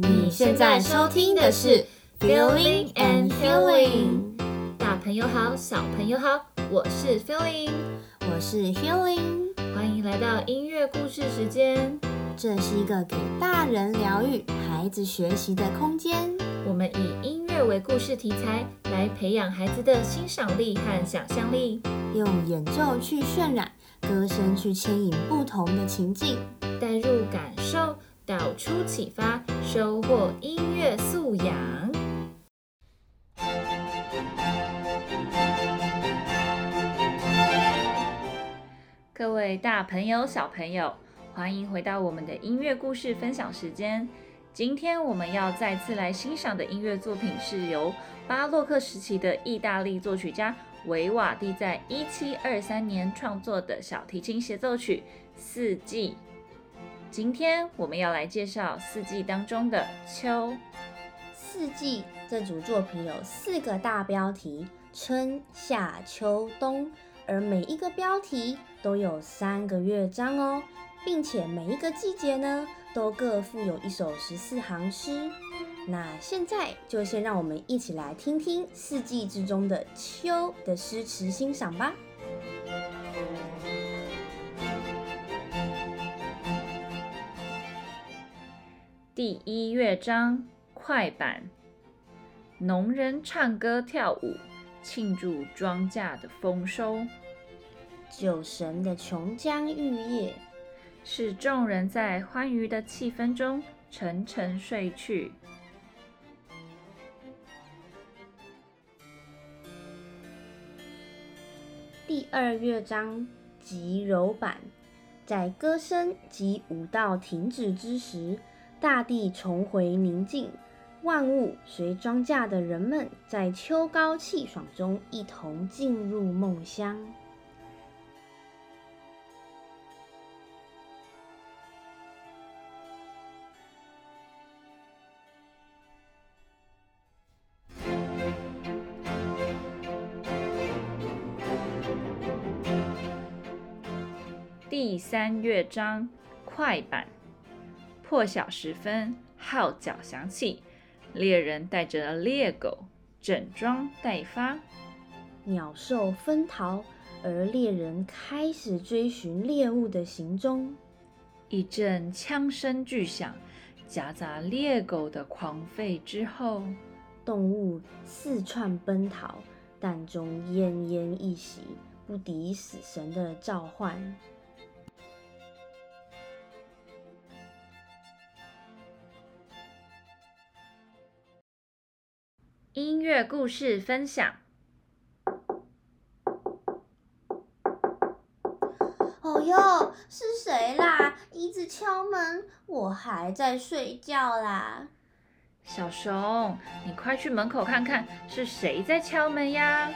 你現在收聽的是 Feeling and Healing。大朋友好，小朋友好，我是 Feeling，我是 Healing，歡迎來到音樂故事時間。這是一個給大人療癒、孩子學習的空間。空間我們以音樂為故事題材，來培養孩子的欣賞力和想象力，用演奏去渲染，歌聲去牽引不同的情境，帶入感受，導出啟發。收穫音樂素養。各位大朋友、小朋友，歡迎回到我們的音樂故事分享時間。今天我們要再次來欣賞的音樂作品，是由巴洛克時期的意大利作曲家韋瓦第在一七二三年創作的小提琴協奏曲《四季》。今天我們要來介紹四季當中的秋。四季這組作品有四個大標題：春夏秋冬，而每一個標題都有三個樂章哦，並且每一個季節呢，都各附有一首十四行詩。那現在就先讓我們一起來聽聽四季之中的秋的詩詞欣賞吧。第一樂章快板，農人唱歌跳舞慶祝莊稼的豐收，酒神的瓊漿玉液使眾人在歡愉的氣氛中沉沉睡去。第二樂章極柔板，在歌聲及舞蹈停止之時。大地重回寧靜，萬物隨莊稼的人們在秋高氣爽，中一同進入夢鄉。第三樂章，快板。破曉時分，號角響起，獵人帶着獵狗整裝待發，鳥獸分逃，而獵人開始追尋獵物的行蹤。一陣槍聲巨響，夾雜獵狗的狂吠之後，動物四竄奔逃，彈中奄奄一息，不敵死神的召喚。音樂故事分享。哦喲，是誰啦？一直敲門，我還在睡覺啦。小熊，你快去門口看看，是誰在敲門呀！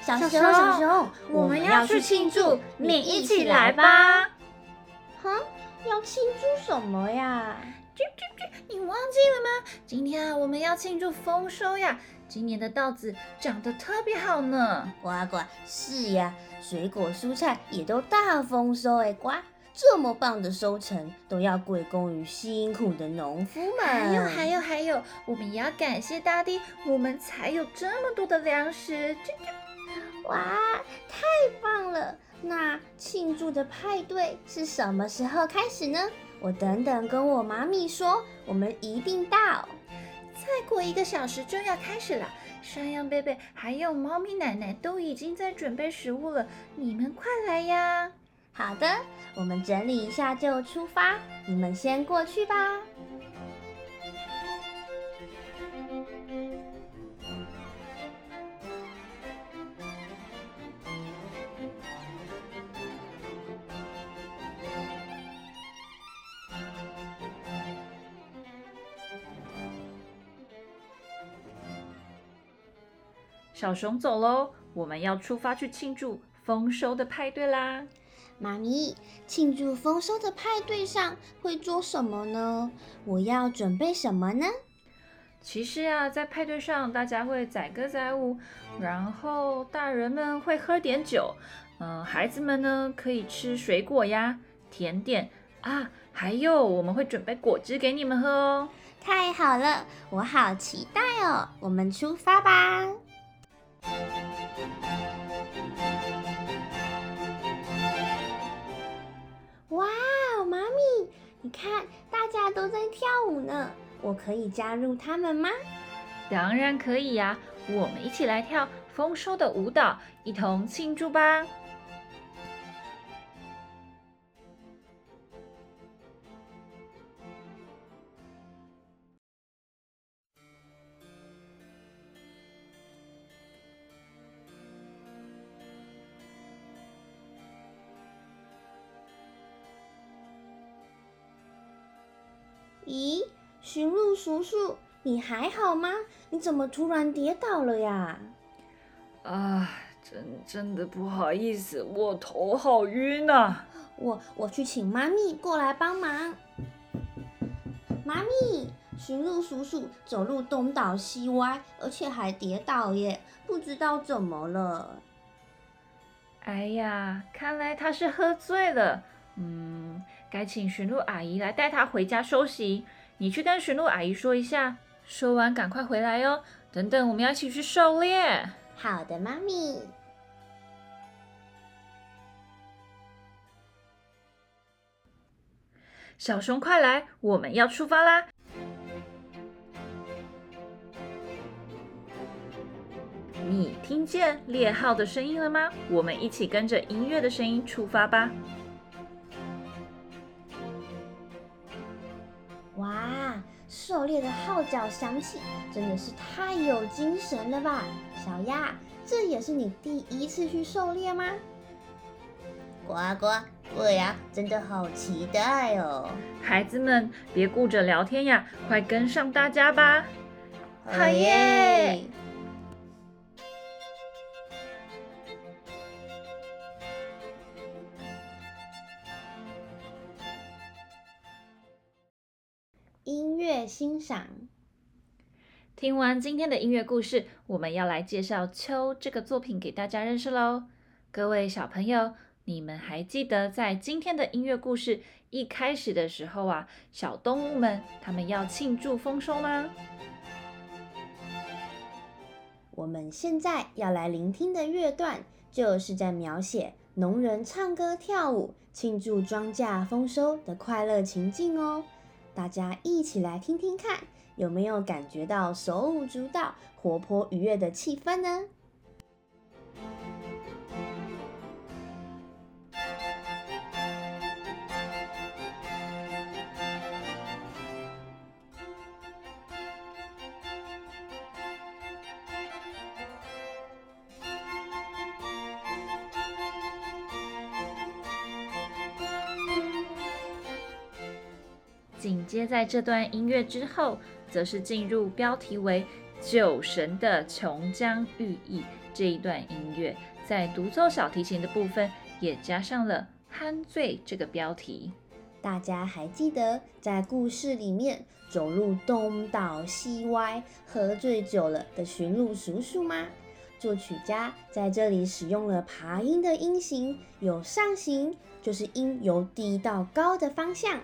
小熊，小熊，我們要去慶祝，你一起來吧。嗯，要慶祝什麼呀？叮叮叮！你忘記了嗎？今天啊，我們要慶祝豐收呀！今年的稻子長得特別好呢。呱呱，是呀，水果蔬菜也都大豐收哎！呱，這麼棒的收成，都要歸功於辛苦的農夫們。還有還有還有，我們也要感謝大地，我們才有這麼多的糧食。叮叮。哇，太棒了！那慶祝的派對是什麼時候開始呢？我等等跟我媽咪說，我們一定到。再過一個小時就要開始了。山羊貝貝還有貓咪奶奶都已經在準備食物了，你們快來呀！好的，我們整理一下就出發。你們先過去吧。小熊，走嘍，我們要出發去慶祝豐收的派對啦！媽咪，慶祝豐收的派對上會做什麼呢？我要準備什麼呢？其實呀，在派對上，大家會載歌載舞，然後大人們會喝點酒，嗯，孩子們呢，可以吃水果呀、甜點啊，還有我們會準備果汁給你們喝哦。太好了，我好期待哦！我們出發吧。哇哦，媽咪，你看大家都在跳舞呢，我可以加入他們嗎？當然可以呀！啊，我們一起來跳豐收的舞蹈，一同慶祝吧。咦，馴鹿叔叔，你還好嗎？你怎麼突然跌倒了呀？啊，真真的不好意思，我頭好暈啊！我我去請媽咪過來幫忙。媽咪，馴鹿叔叔走路東倒西歪，而且還跌倒耶，不知道怎麼了。哎呀，看來他是喝醉了。嗯。該請馴鹿阿姨來帶它回家休息。你去跟馴鹿阿姨說一下，說完趕快回來喲、哦。等等，我們要一起去狩獵。好的，媽咪。小熊，快來，我們要出發啦！你聽見獵號的聲音了嗎？我們一起跟着音樂的聲音出發吧。哇，狩獵的號角響起，真的是太有精神了吧！小鴨，這也是你第一次去狩獵嗎？呱呱，我呀，真的好期待哦！孩子們，別顧着聊天呀，快跟上大家吧！好耶！好耶欣賞。聽完今天的音樂故事，我們要來介紹《秋》這個作品給大家認識嘍。各位小朋友，你們還記得在今天的音樂故事一開始的時候啊，小動物們他們要慶祝豐收嗎？我們現在要來聆聽的樂段，就是在描寫農人唱歌跳舞，慶祝莊稼豐收的快樂情境哦。大家一起來聽聽看，有沒有感覺到手舞足蹈、活潑愉悅的氣氛呢？緊接在這段音樂之後，則是進入標題為《酒神》的瓊漿玉液這一段音樂，在獨奏小提琴的部分也加上了“酣醉”這個標題。大家還記得在故事裡面走路東倒西歪、喝醉酒了的馴鹿叔叔嗎？作曲家在這裡使用了爬音的音型，有上行，就是音由低到高的方向。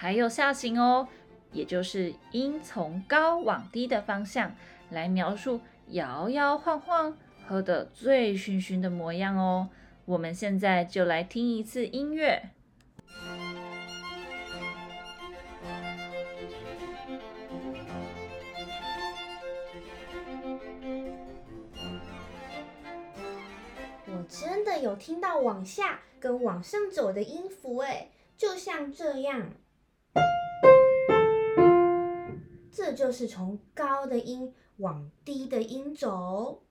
還有下行哦，也就是音從高往低的方向來描述搖搖晃晃、喝得醉醺醺的模樣哦。我們現在就來聽一次音樂。我真的有聽到往下跟往上走的音符哎、欸，就像這樣。這就是從高的音往低的音走，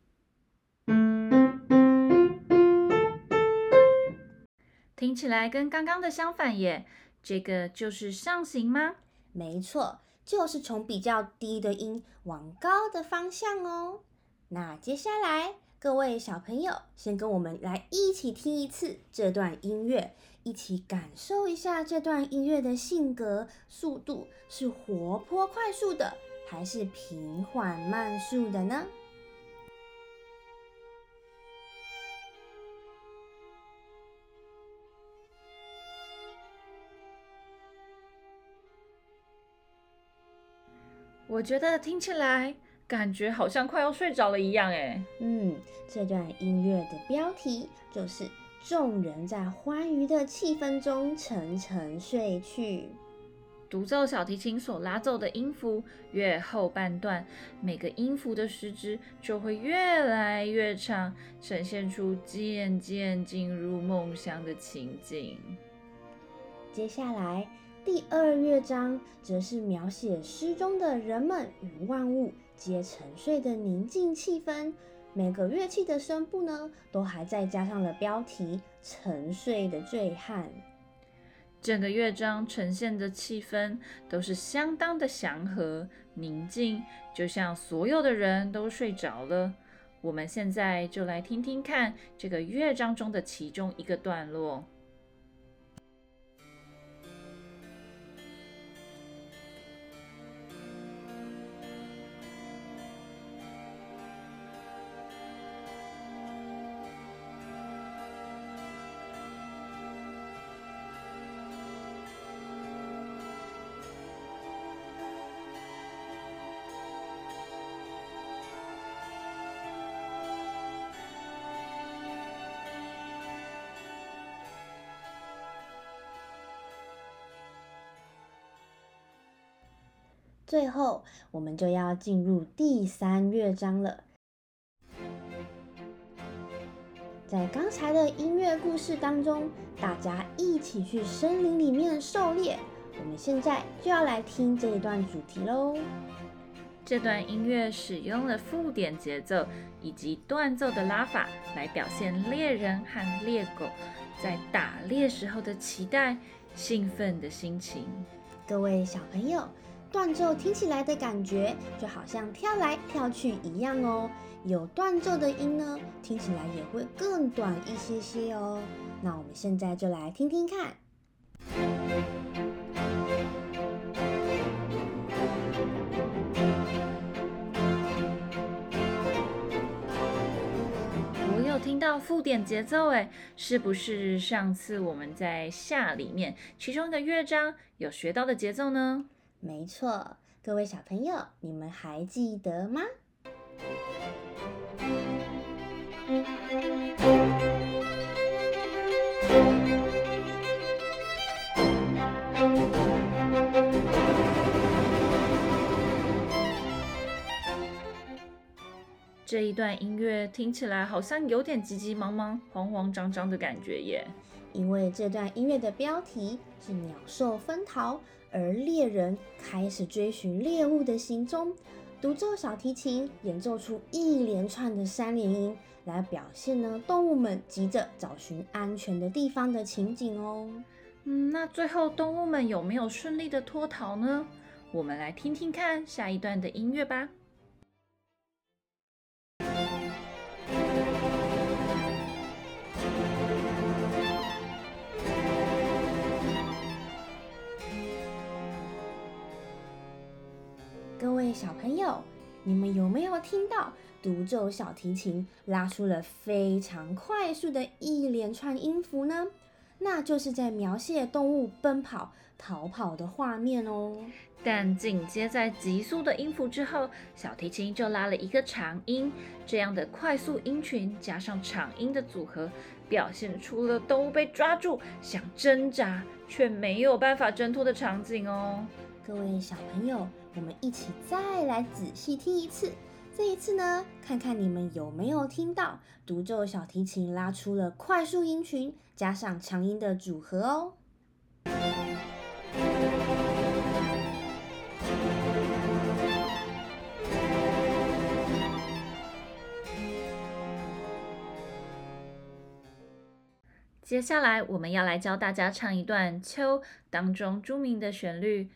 聽起來跟剛剛的相反耶。這個就是上行嗎？沒錯，就是從比較低的音往高的方向哦。那接下來，各位小朋友，先跟我們來一起聽一次這段音樂。一起感受一下這段音樂的性格，速度是活潑快速的，還是平緩慢速的呢？我覺得聽起來感覺好像快要睡着了一樣，誒。嗯，這段音樂的標題就是。眾人在歡愉的氣氛中沉沉睡去。獨奏小提琴所拉奏的音符，越後半段，每個音符的時值就會越來越長，呈現出漸漸進入夢鄉的情景。接下來，第二樂章則是描寫詩中的人們與萬物皆沉睡的寧靜氣氛。每個樂器的聲部呢，都還再加上了標題“沉睡的醉漢”。整個樂章呈現的氣氛都是相當的祥和寧靜，就像所有的人都睡着了。我們現在就來聽聽看這個樂章中的其中一個段落。最後，我們就要進入第三樂章了。在剛才的音樂故事當中，大家一起去森林裡面狩獵。我們現在就要來聽這一段主題嘍。這段音樂使用了附點節奏以及斷奏的拉法，來表現獵人和獵狗在打獵時候的期待、興奮的心情。各位小朋友。斷奏聽起來的感覺就好像跳來跳去一樣哦。有斷奏的音呢，聽起來也會更短一些些哦。那我們現在就來聽聽看。我有聽到附點節奏，哎，是不是上次我們在夏裡面其中的樂章有學到的節奏呢？沒錯，各位小朋友，你們還記得嗎？這一段音樂聽起來好像有點急急忙忙，慌慌張張的感覺耶。因為這段音樂的標題是“鳥獸奔逃”，而獵人開始追尋獵物的行蹤。獨奏小提琴演奏出一連串的三連音，來表現呢動物們急着找尋安全的地方的情景哦。嗯，那最後動物們有沒有順利的脫逃呢？我們來聽聽看下一段的音樂吧。各位小朋友，你們有沒有聽到獨奏小提琴拉出了非常快速的一連串音符呢？那就是在描寫動物奔跑、逃跑的畫面哦。但緊接在急速的音符之後，小提琴就拉了一個長音。這樣的快速音群加上長音的組合，表現出了動物被抓住、想掙扎卻沒有辦法掙脫的場景哦。各位小朋友，我們一起再來仔細聽一次，這一次呢，看看你們有沒有聽到獨奏小提琴拉出了快速音群，加上強音的組合哦。接下來，我們要來教大家唱一段《秋》當中著名的旋律。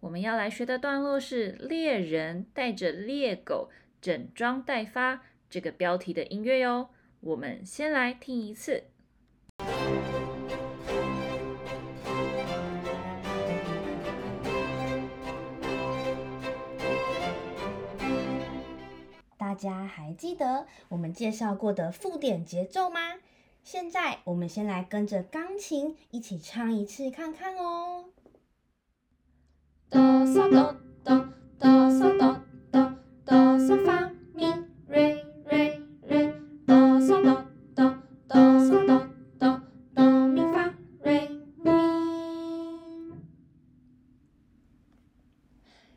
我們要來學的段落是“獵人帶着獵狗整裝待發”這個標題的音樂喲。我們先來聽一次。大家還記得我們介紹過的附點節奏嗎？現在我們先來跟着鋼琴一起唱一次看看哦。哆嗦哆哆哆嗦哆哆哆嗦發咪瑞瑞瑞哆嗦哆哆哆嗦哆哆哆咪發瑞咪。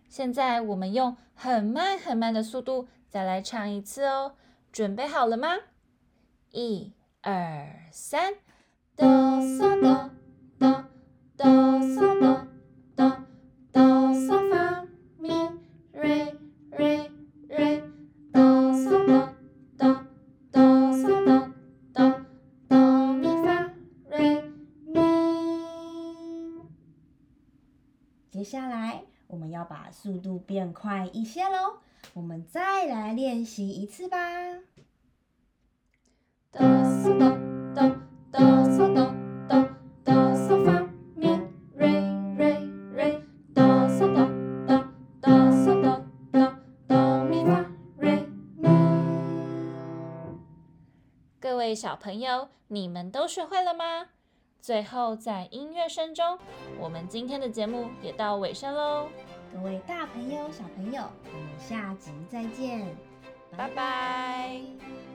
現在我們用很慢很慢的速度再來唱一次哦，準備好了嗎？一、二、三，哆嗦哆。接下來我們要把速度變快一些嘍，我們再來練習一次吧。哆嗦哆哆哆嗦哆哆哆嗦發咪瑞瑞瑞哆嗦哆哆哆嗦哆哆哆咪發瑞咪。各位小朋友，你們都學會了嗎？最後，在音樂聲中，我們今天的節目也到尾聲嘍。各位大朋友、小朋友，我們下集再見，拜拜。拜拜。